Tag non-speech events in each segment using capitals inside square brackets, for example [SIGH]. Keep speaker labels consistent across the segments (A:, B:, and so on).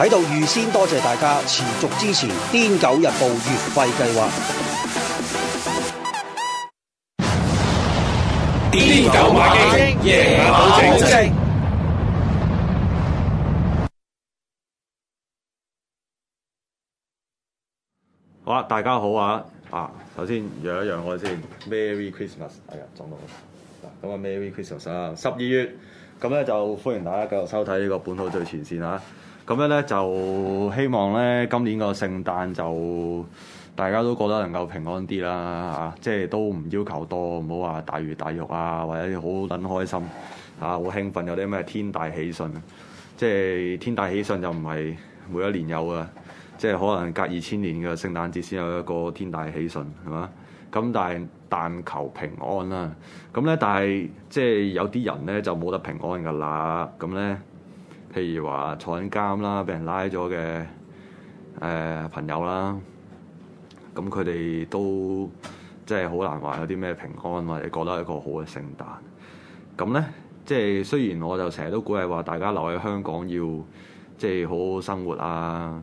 A: 喺度預先多謝大家持續支持《癲狗日報》月費計劃。癲狗馬經，贏馬正正。好啦，大家好啊！啊，首先讓一讓我先。Merry Christmas！哎呀，撞到咁啊！Merry Christmas！十二月，咁咧就歡迎大家繼續收睇呢個本土最前線啊！咁樣咧就希望咧今年個聖誕就大家都覺得能夠平安啲啦嚇，即係都唔要求多，唔好話大魚大肉啊，或者好等開心啊，好興奮有啲咩天大喜訊，即係天大喜訊就唔係每一年有嘅，即係可能隔二千年嘅聖誕節先有一個天大喜訊係嘛？咁但係但求平安啦，咁咧但係即係有啲人咧就冇得平安㗎啦，咁咧。譬如話坐緊監啦，俾人拉咗嘅誒朋友啦，咁佢哋都即係好難話有啲咩平安，或者覺得一個好嘅聖誕。咁咧，即係雖然我就成日都鼓勵話大家留喺香港要，要即係好好生活啊，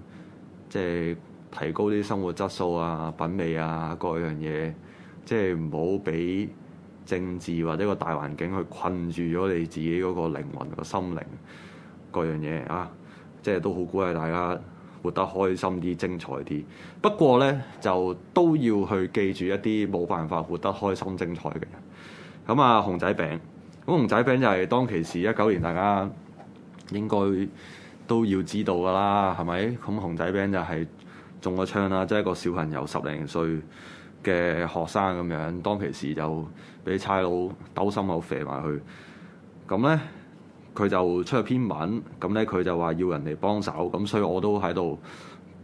A: 即係提高啲生活質素啊、品味啊，各樣嘢，即係唔好俾政治或者個大環境去困住咗你自己嗰個靈魂、個心靈。各樣嘢啊，即係都好鼓勵大家活得開心啲、精彩啲。不過呢，就都要去記住一啲冇辦法活得開心、精彩嘅人。咁啊，熊仔餅，咁、嗯、熊仔餅就係當其時一九年，大家應該都要知道噶啦，係咪？咁、嗯、熊仔餅就係中咗槍啦，即係一個小朋友十零歲嘅學生咁樣，當其時就俾差佬兜心口射埋去，咁呢。佢就出咗篇文，咁咧佢就話要人哋幫手，咁所以我都喺度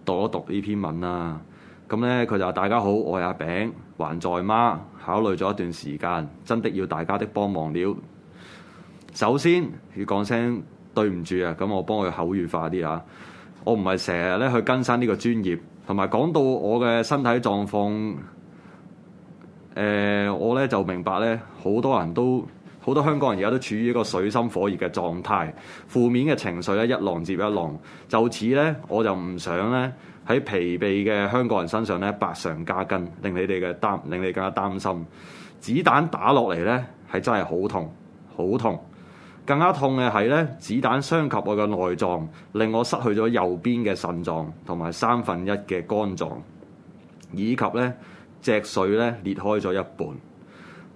A: 讀一讀呢篇文啦、啊。咁咧佢就話：大家好，我係阿餅，還在嗎？考慮咗一段時間，真的要大家的幫忙了。首先要講聲對唔住啊，咁我幫佢口語化啲啊。我唔係成日咧去更新呢個專業，同埋講到我嘅身體狀況。誒、呃，我咧就明白咧，好多人都。好多香港人而家都處於一個水深火熱嘅狀態，負面嘅情緒咧一浪接一浪。就此咧，我就唔想咧喺疲憊嘅香港人身上咧百上加斤，令你哋嘅擔令你更加擔心。子彈打落嚟咧係真係好痛，好痛。更加痛嘅係咧，子彈傷及我嘅內臟，令我失去咗右邊嘅腎臟同埋三分一嘅肝臟，以及咧脊髓咧裂開咗一半，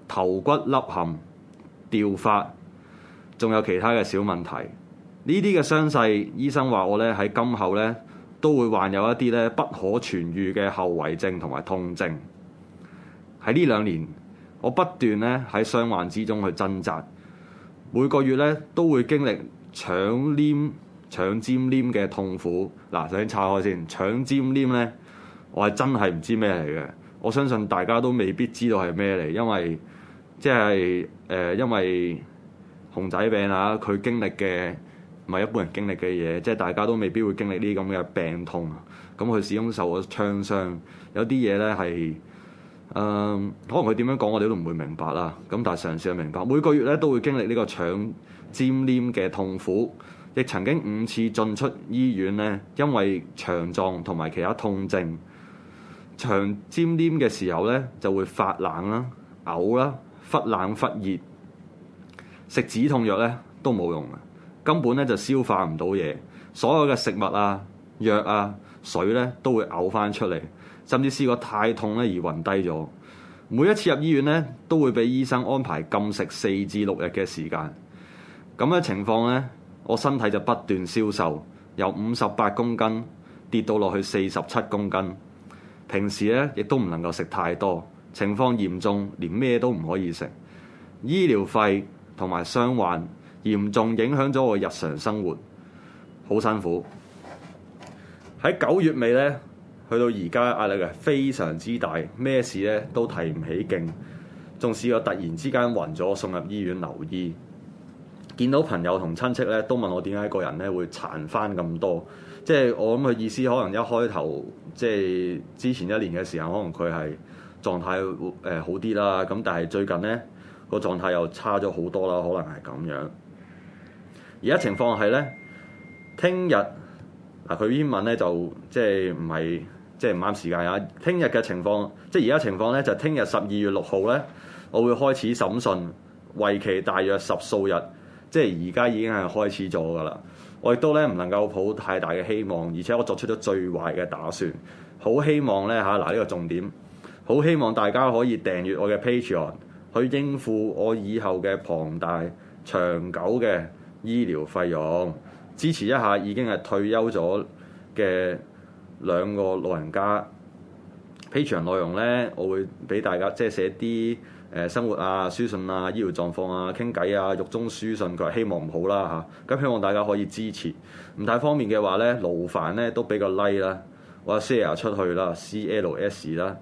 A: 頭骨凹陷，陷。掉髮，仲有其他嘅小問題。呢啲嘅傷勢，醫生話我咧喺今後咧都會患有一啲咧不可痊愈嘅後遺症同埋痛症。喺呢兩年，我不斷咧喺傷患之中去掙扎，每個月咧都會經歷搶黏、搶尖黏嘅痛苦。嗱，首先拆開先，搶尖黏咧，我係真係唔知咩嚟嘅。我相信大家都未必知道係咩嚟，因為即係誒、呃，因為熊仔餅啊，佢經歷嘅唔係一般人經歷嘅嘢，即係大家都未必會經歷啲咁嘅病痛。咁佢始終受咗槍傷，有啲嘢咧係誒，可能佢點樣講，我哋都唔會明白啦。咁但係，嘗試去明白每個月咧都會經歷呢個腸尖黏嘅痛苦，亦曾經五次進出醫院咧，因為腸臟同埋其他痛症。腸尖黏嘅時候咧就會發冷啦、嘔、呃、啦。呃呃忽冷忽熱，食止痛藥咧都冇用嘅，根本咧就消化唔到嘢，所有嘅食物啊、藥啊、水咧都會嘔翻出嚟，甚至試過太痛咧而暈低咗。每一次入醫院咧，都會俾醫生安排禁食四至六日嘅時間。咁嘅情況咧，我身體就不斷消瘦，由五十八公斤跌到落去四十七公斤。平時咧亦都唔能夠食太多。情況嚴重，連咩都唔可以食，醫療費同埋傷患嚴重影響咗我日常生活，好辛苦。喺九月尾呢，去到而家壓力係非常之大，咩事呢都提唔起勁。仲試過突然之間暈咗，送入醫院留醫，見到朋友同親戚呢都問我點解一個人呢會殘翻咁多，即係我諗佢意思可能一開頭即係之前一年嘅時候，可能佢係，狀態誒好啲啦，咁但係最近呢個狀態又差咗好多啦，可能係咁樣。而家情況係呢，聽日嗱，佢英文呢就即係唔係即係唔啱時間啊。聽日嘅情況即係而家情況呢，就聽日十二月六號呢，我會開始審訊，為期大約十數日，即係而家已經係開始咗㗎啦。我亦都咧唔能夠抱太大嘅希望，而且我作出咗最壞嘅打算。好希望呢，嚇嗱呢個重點。好希望大家可以訂閱我嘅 Patreon 去應付我以後嘅龐大長久嘅醫療費用，支持一下已經係退休咗嘅兩個老人家。Patreon 內容呢，我會俾大家即係寫啲誒生活啊、書信啊、醫療狀況啊、傾偈啊、獄中書信。佢話希望唔好啦嚇，咁、啊、希望大家可以支持。唔太方便嘅話呢，勞煩呢都俾個 like LS，啦，我 share 出去啦，C L S 啦。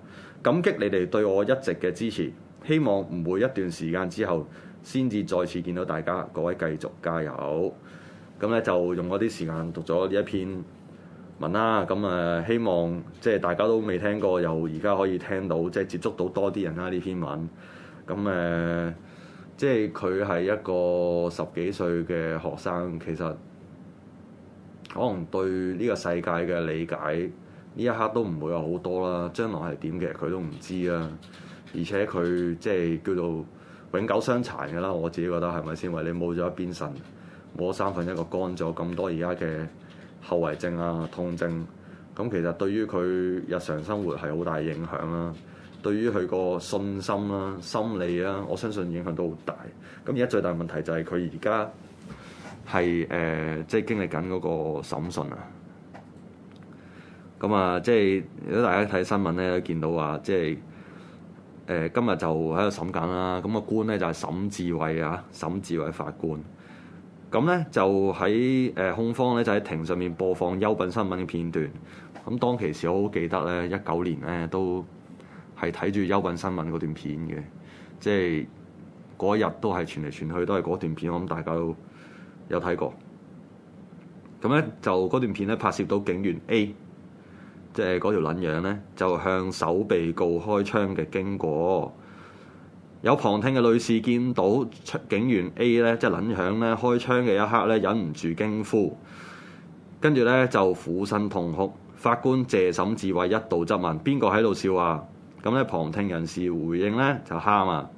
A: 感激你哋對我一直嘅支持，希望唔會一段時間之後先至再次見到大家，各位繼續加油。咁咧就用嗰啲時間讀咗呢一篇文啦，咁誒希望即係大家都未聽過，又而家可以聽到，即係接觸到多啲人啦呢篇文。咁誒、呃，即係佢係一個十幾歲嘅學生，其實可能對呢個世界嘅理解。呢一刻都唔會有好多啦，將來係點嘅，佢都唔知啊。而且佢即係叫做永久傷殘㗎啦，我自己覺得係咪先？因為你冇咗一邊腎，冇咗三分一個肝，仲有咁多而家嘅後遺症啊、痛症，咁其實對於佢日常生活係好大影響啦。對於佢個信心啦、啊、心理啊，我相信影響都好大。咁而家最大問題就係佢而家係誒即係經歷緊嗰個審訊啊。咁啊，即係如果大家睇新聞咧，都見到啊，即係誒、呃、今日就喺度審緊啦。咁、嗯、個官咧就係、是、沈志偉啊，沈志偉法官。咁咧就喺誒、呃、控方咧就喺庭上面播放優品新聞嘅片段。咁當其時，我好記得咧，一九年咧都係睇住優品新聞嗰段片嘅，即係嗰一日都係傳嚟傳去都係嗰段片。我、嗯、諗大家都有睇過。咁咧就嗰段片咧拍攝到警員 A。即係嗰條撚樣咧，就向首被告開槍嘅經過，有旁聽嘅女士見到警員 A 咧，即係撚響咧開槍嘅一刻咧，忍唔住驚呼，跟住咧就俯身痛哭。法官謝沈智慧一度質問邊個喺度笑啊？咁咧旁聽人士回應咧就喊啊。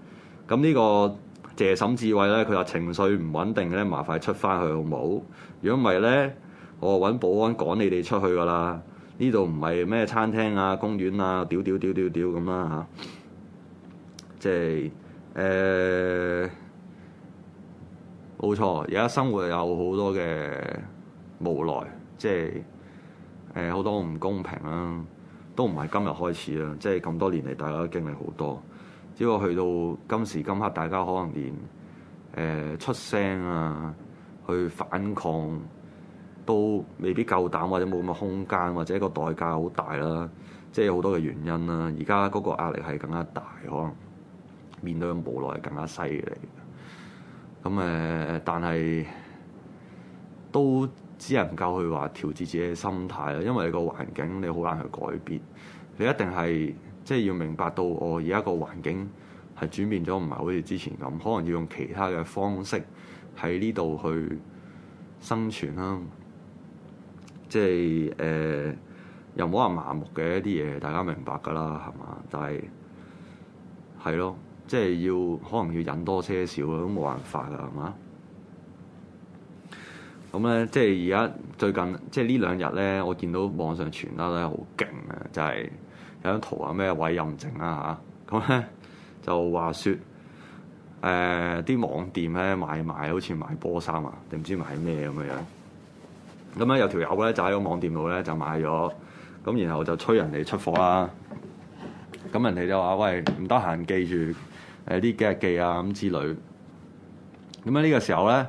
A: 咁呢個謝沈智慧咧，佢話情緒唔穩定咧，麻煩出翻去好唔好？如果唔係咧，我揾保安趕你哋出去噶啦。呢度唔係咩餐廳啊、公園啊、屌屌屌屌屌咁啦，嚇，即係誒冇錯，而家生活有好多嘅無奈，即係誒好多唔公平啦，啊，都唔係今日開始啦，啊，即係咁多年嚟大家都經歷好多，只不過去到今時今刻，大家可能連誒、呃、出聲啊，去反抗。都未必夠膽，或者冇咁嘅空間，或者個代價好大啦，即係好多嘅原因啦。而家嗰個壓力係更加大，可能面對嘅無奈係更加犀利。咁誒、呃，但係都只能夠去話調節自己嘅心態啦，因為你個環境你好難去改變。你一定係即係要明白到，我而家個環境係轉變咗，唔係好似之前咁，可能要用其他嘅方式喺呢度去生存啦。即係誒、呃，又冇話麻木嘅一啲嘢，大家明白㗎啦，係嘛？但係係咯，即係要可能要忍多些少都冇辦法㗎，係嘛？咁、嗯、咧，即係而家最近，即係呢兩日咧，我見到網上傳得咧好勁啊，就係有張圖話咩委任證呀吓。咁、嗯、咧就話説誒啲網店咧買賣，好似買波衫啊，定唔知買咩咁嘅樣。咁咧有條友咧就喺個網店度咧就買咗，咁然後就催人哋出貨啦。咁人哋就話：喂，唔得閒記住誒啲、呃、幾日記啊咁之類。咁樣呢個時候咧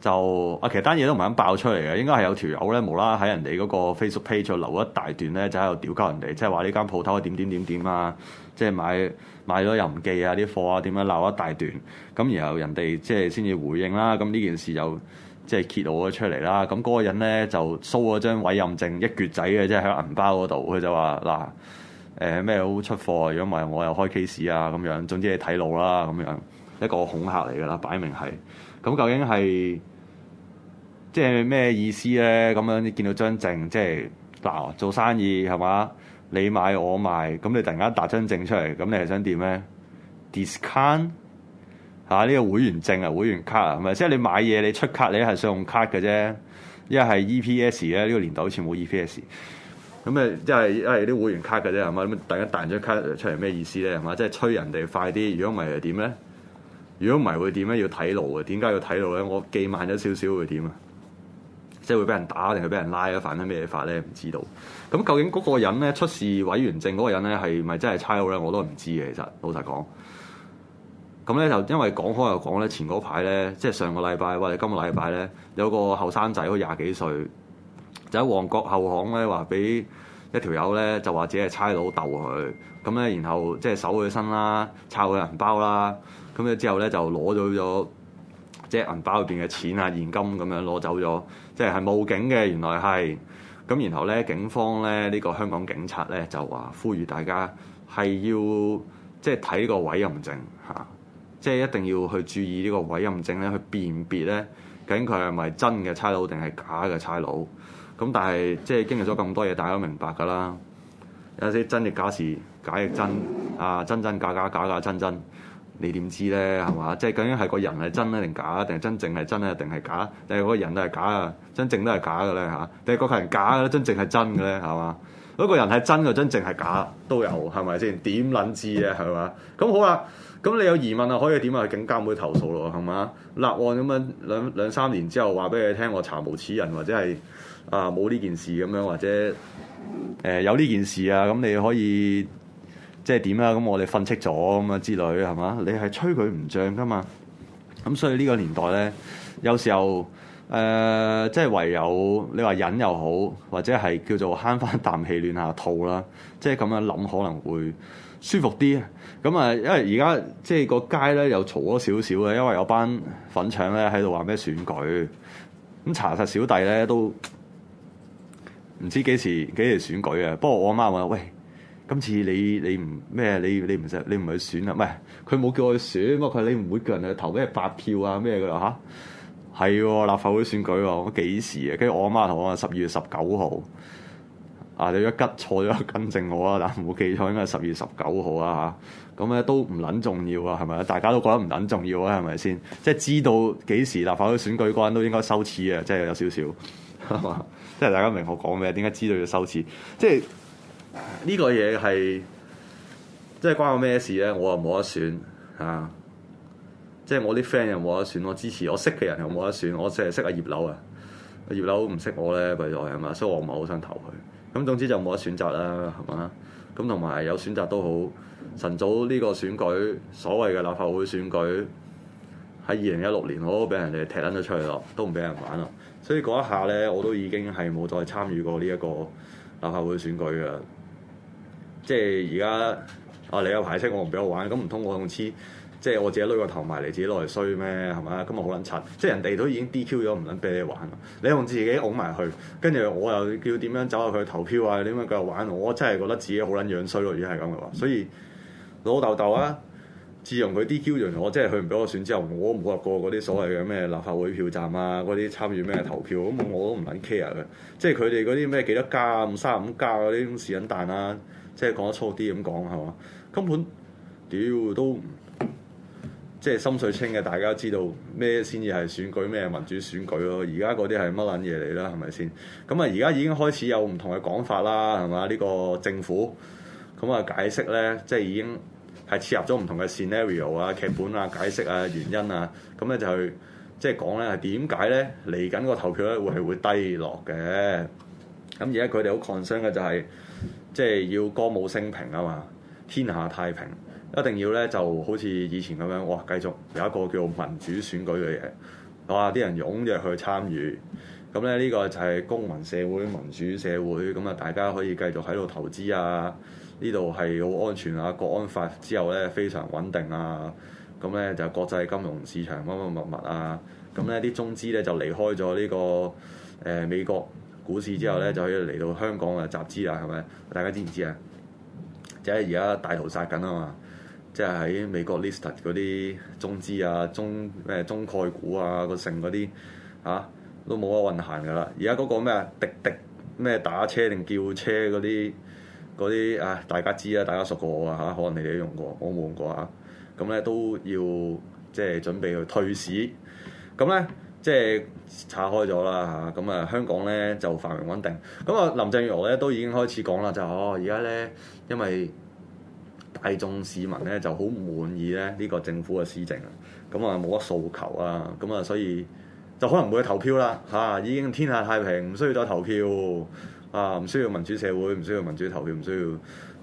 A: 就啊，其實單嘢都唔係咁爆出嚟嘅，應該係有條友咧無啦啦喺人哋嗰個 Facebook page 度留一大段咧，就喺度屌鳩人哋，即係話呢間鋪頭點點點點啊，即係買買咗又唔記啊啲貨啊點樣，鬧一大段。咁然後人哋即係先至回應啦、啊。咁呢件事又～即係揭露咗出嚟啦，咁嗰個人咧就收咗張委任證一橛仔嘅，即係喺銀包嗰度。佢就話嗱，誒咩好出貨，如果唔係我又開 case 啊，咁樣。總之你睇路啦，咁樣一個恐嚇嚟噶啦，擺明係。咁究竟係即係咩意思咧？咁樣你見到張證，即係嗱，做生意係嘛？你買我賣，咁你突然間打張證出嚟，咁你係想點咧？Discount。Disc 啊！呢、這個會員證啊，會員卡啊，係咪即係你買嘢你出卡？你係信用卡嘅啫，一係 E.P.S. 咧，呢個年代好似冇 E.P.S. 咁誒，即係因為啲會員卡嘅啫，係嘛？咁突然間彈張卡出嚟，咩意思咧？係嘛？即係催人哋快啲，如果唔係又點咧？如果唔係會點咧？要睇路啊，點解要睇路咧？我寄慢咗少少會點啊？即係會俾人打定係俾人拉啊？犯緊咩嘢法咧？唔知道。咁究竟嗰個人咧，出示會員證嗰個人咧，係咪真係差佬咧？我都唔知嘅，其實老實講。咁咧就因為講開又講咧，前嗰排咧，即係上個禮拜或者今個禮拜咧，有個後生仔，好廿幾歲，就喺旺角後巷咧話俾一條友咧就話自己係差佬鬥佢咁咧，然後即係搜佢身啦，抄佢銀包啦，咁咧之後咧就攞咗咗即係銀包入邊嘅錢啊，現金咁樣攞走咗，即係係冒警嘅。原來係咁，然後咧警方咧呢個香港警察咧就話呼籲大家係要即係睇個委任證吓。即係一定要去注意呢個委任證咧，去辨別咧究竟佢係咪真嘅差佬定係假嘅差佬。咁但係即係經歷咗咁多嘢，大家都明白㗎啦。有啲真亦假時，假亦真。啊，真真假假，假假真真，你點知咧？係嘛？即係究竟係個人係真咧定假，定係真正係真咧定係假？定係嗰個人都係假啊，真正都係假嘅咧嚇。定係嗰個佢係假嘅，真正係真嘅咧係嘛？嗰個人係真嘅，真正係假都有，係咪先？點撚知啊？係嘛？咁好啦，咁你有疑問啊，可以點啊？去警監會投訴咯，係嘛？立案咁樣兩兩三年之後，話俾你聽，我查無此人，或者係啊冇呢件事咁樣，或者誒、呃、有呢件事啊，咁你可以即係點啦？咁我哋訓斥咗咁啊之類，係嘛？你係吹佢唔脹㗎嘛？咁所以呢個年代咧，有時候。誒、呃，即係唯有你話忍又好，或者係叫做慳翻啖氣暖下肚啦，即係咁樣諗可能會舒服啲。咁啊，因為而家即係個街咧又嘈咗少少嘅，因為有班粉腸咧喺度話咩選舉。咁查實小弟咧都唔知幾時幾時選舉啊！不過我媽話：喂，今次你你唔咩？你你唔識你唔去選啊？唔係佢冇叫我去選，不過佢你唔會叫人去投咩白票啊咩㗎啦嚇。係、 [MUSIC] 啊、立法會選舉喎，我幾時啊？Ages, 跟住我阿媽同我話十二月十九號啊，你一吉錯咗跟正我啊，但唔好記錯應該係十二月十九號啊吓。咁、啊、咧都唔捻重要啊，係咪大家都覺得唔捻重要啊，係咪先？ [MUSIC] 即係知道幾時立法會選舉，個人都應該羞恥嘅，即係有少少即係大家明我講咩？點解知道要羞恥？即係呢個嘢係即係關我咩事咧？我又冇得選啊！即係我啲 friend 又冇得選，我支持我識嘅人又冇得選，我淨係識阿葉劉啊，阿葉劉唔識我咧，為左係嘛，所以我唔係好想投佢。咁總之就冇得選擇啦，係嘛？咁同埋有選擇都好。晨早呢個選舉，所謂嘅立法會選舉，喺二零一六年我都俾人哋踢撚咗出去咯，都唔俾人玩咯。所以嗰一下咧，我都已經係冇再參與過呢一個立法會選舉嘅。即係而家啊，你有排斥我唔俾我玩，咁唔通我用黐？即係我自己攞個頭埋嚟，自己攞嚟衰咩？係咪啊？今日好撚柒，即係人哋都已經 DQ 咗，唔撚俾你玩。你用自己㧬埋去，跟住我又叫點樣走入去投票啊？點樣繼續玩？我真係覺得自己好撚樣衰咯。如果係咁嘅話，所以老豆豆啊，自從佢 DQ 完我，即係佢唔俾我選之後，我都冇入過嗰啲所謂嘅咩立法會票站啊，嗰啲參與咩投票咁，我都唔撚 care 嘅。即係佢哋嗰啲咩幾多家五三五家嗰啲咁時隱彈啊，即係講得粗啲咁講係嘛，根本屌都唔～即係心水清嘅，大家都知道咩先至係選舉，咩民主選舉咯？而家嗰啲係乜撚嘢嚟啦？係咪先？咁啊，而家已經開始有唔同嘅講法啦，係嘛？呢個政府咁啊解釋咧，即係已經係切入咗唔同嘅 scenario 啊、劇本啊、解釋啊、原因啊，咁咧就去、係、即係講咧係點解咧嚟緊個投票咧會係會低落嘅。咁而家佢哋好 concern 嘅就係、係、即係要歌舞升平啊嘛，天下太平。一定要咧，就好似以前咁樣，哇！繼續有一個叫民主選舉嘅嘢，哇！啲人踴躍去參與，咁咧呢個就係公民社會、民主社會，咁啊大家可以繼續喺度投資啊。呢度係好安全啊，國安法之後咧非常穩定啊。咁咧就國際金融市場乜乜物物啊，咁咧啲中資咧就離開咗呢、這個誒、呃、美國股市之後咧，就可以嚟到香港啊集資啊。係咪？大家知唔知啊？即係而家大屠殺緊啊嘛！即係喺美國 listed 嗰啲中資啊、中咩中概股啊、個成嗰啲嚇都冇乜運行㗎啦。而家嗰個咩滴滴咩打車定叫車嗰啲嗰啲啊，大家知啊，大家熟過我啊嚇，可能你哋都用過，我冇用過嚇。咁、啊、咧、啊、都要即係準備去退市。咁、啊、咧即係拆開咗啦嚇。咁啊，啊香港咧就繁榮穩定。咁啊林鄭月娥咧都已經開始講啦，就哦而家咧因為。大眾市民咧就好滿意咧呢個政府嘅施政啦，咁啊冇乜訴求啊，咁啊所以就可能唔會投票啦嚇、啊，已經天下太平，唔需要再投票啊，唔需要民主社會，唔需要民主投票，唔需要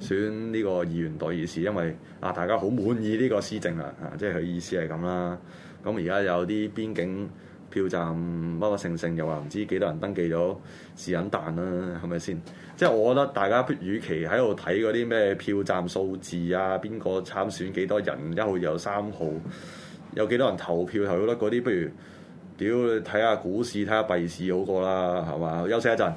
A: 選呢個議員代議士，因為啊大家好滿意呢個施政啦、啊、即係佢意思係咁啦。咁而家有啲邊境票站乜乜剩剩又話唔知幾多人登記咗是撚但啦，係咪先？即係我覺得大家不，與其喺度睇嗰啲咩票站數字啊，邊個參選幾多人，一號又三號，有幾多人投票投咗，嗰啲不如屌你睇下股市睇下幣市好過啦，係嘛？休息一陣。